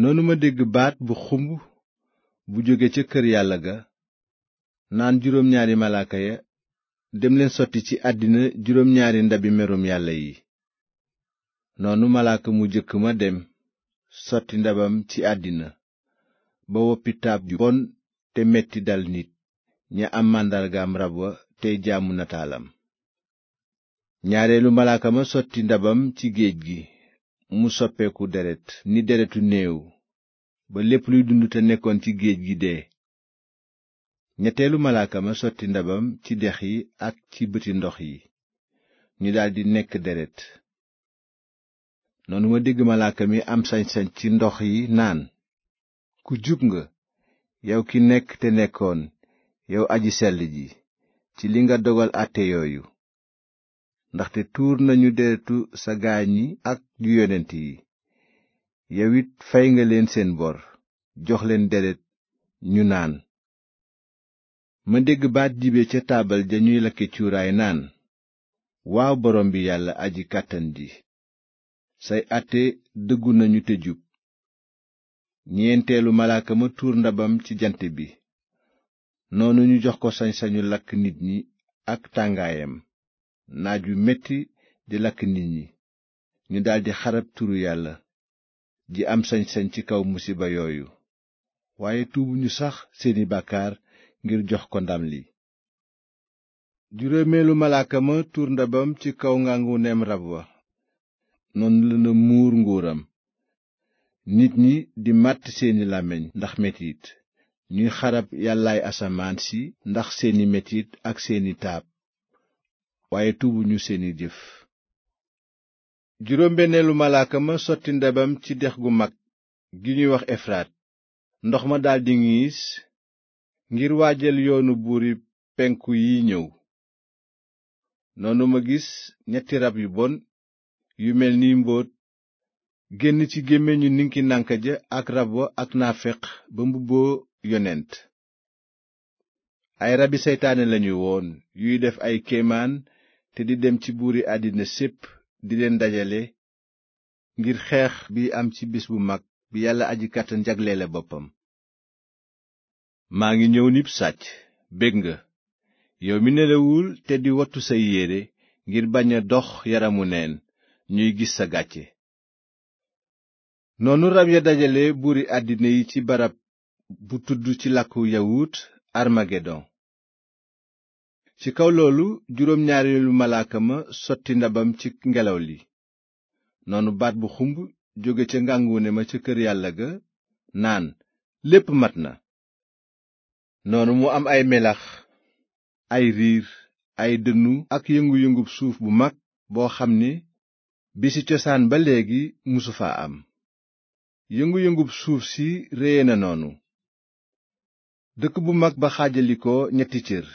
noonu ma dégg baat bu xumb bu jóge ca kër yàlla ga naan juróom ñaari malaaka ya demleen sotti ci àddina juróom ñaari ndabi merum yàlla yi noonu malaaka mu jëkk ma dem sotti ndabam ci àddina ba woppi taab ju bon te metti dal nit ña am màndargaam rab wa tey jaamu nataalam ñaareelu malaaka ma sotti ndabam ci géej gi mu soppeeku deret ni deretu néew ba lépp luy dund te nekkoon ci géej gi dee ñetteelu malaaka ma sotti ndabam ci dex yi ak ci bëti ndox yi ñu daldi nekk deret noonu ma dégg malaaka mi am sañ ci ndox yi naan ku jub nga yow ki nekk te nekkoon yow aji sell ji ci li nga dogal àtte yooyu ndaxte tuur nañu deretu sa gaañ yi ak yu yonent yi yow it fay nga leen seen bor jox leen deret ñu naan ma dégg baat jibe ca taabal ja ñuy lakke cuuraay naan waaw borom bi yàlla aji kàttan ji say àtte dëggu nañu te jub ñeenteelu malaaka ma tuur ndabam ci jant bi noonu ñu jox ko sañ-sañu lakk nit ñi ak tàngaayam naaj yu metti di lakk nit ñi ñu daldi xarab turu yàlla ji am sañsañ ci kaw musiba yooyu waaye tuubuñu sax seeni bàkkaar ngir jox ko ndam li juróomeelu malaaka ma tuur ndabam ci kaw ngàngu neem rab wa noonu la na muur nguuram nit ñi di màtt seeni làmmiñ ndax metit ñuy xarab yàllaay asamaan si ndax seeni metit ak seeni taab waaye tuubuñu seeni jëf juróom benneelu malaaka ma sotti ndabam ci dex gu mag gi ñuy wax efraat ndox ma daldi ngiis ngir waajal yoonu buuri penku yi ñëw noonu ma gis ñetti rab yu bon yu mel ni mbóot génn ci gémmiñu ninki nànka ja ak rab wa ak naaféq ba mbubboo yonent ay rabi seytaane lañu woon yuy def ay kéemaan te di dem ci buur buuri àddina sépp di leen dajale ngir xeex bi am ci bis bu mag bi yàlla aji kàttan jagleele boppam maa ngi ñëw nib sàcc bég nga yow mi nelawul te di wattu say yére ngir bañ a dox yaramu neen ñuy gis sa gàcce noonu rab ya dajale buuri àddina yi ci barab bu tudd ci làkku yawut armagedon ci kaw loolu juróom ñaareelu malaaka ma sotti ndabam ci ngelaw li noonu baat bu xumb jóge ca ngànguune ma ca kër yàlla ga naan lépp mat na noonu mu am ay melax ay riir ay dënnu ak yëngu yëngu suuf bu mag boo xam ni bi ci cosaan ba léegi musu fa am yëngu-yëngub suuf si réye na noonu dëkk bu mag ba xaajalikoo ñetti cër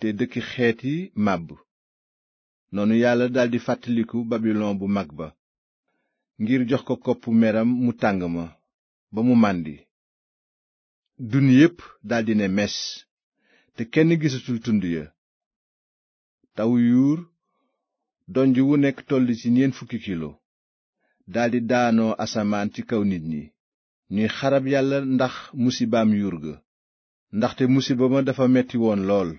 te dëkk xeet yi màbb noonu yàlla daldi fàttaliku babilon bu mag ba ngir jox ko koppu meram mu tàng ma ba mu màndi dun yépp daldi ne mes te kenn gisatul tund ya tawu yuur donj wu nekk toll ci ñeent fukki kilo daldi daanoo asamaan ci kaw nit ñi ñuy xarab yàlla ndax musibaam yuur ga ndaxte musiba ma dafa metti woon lool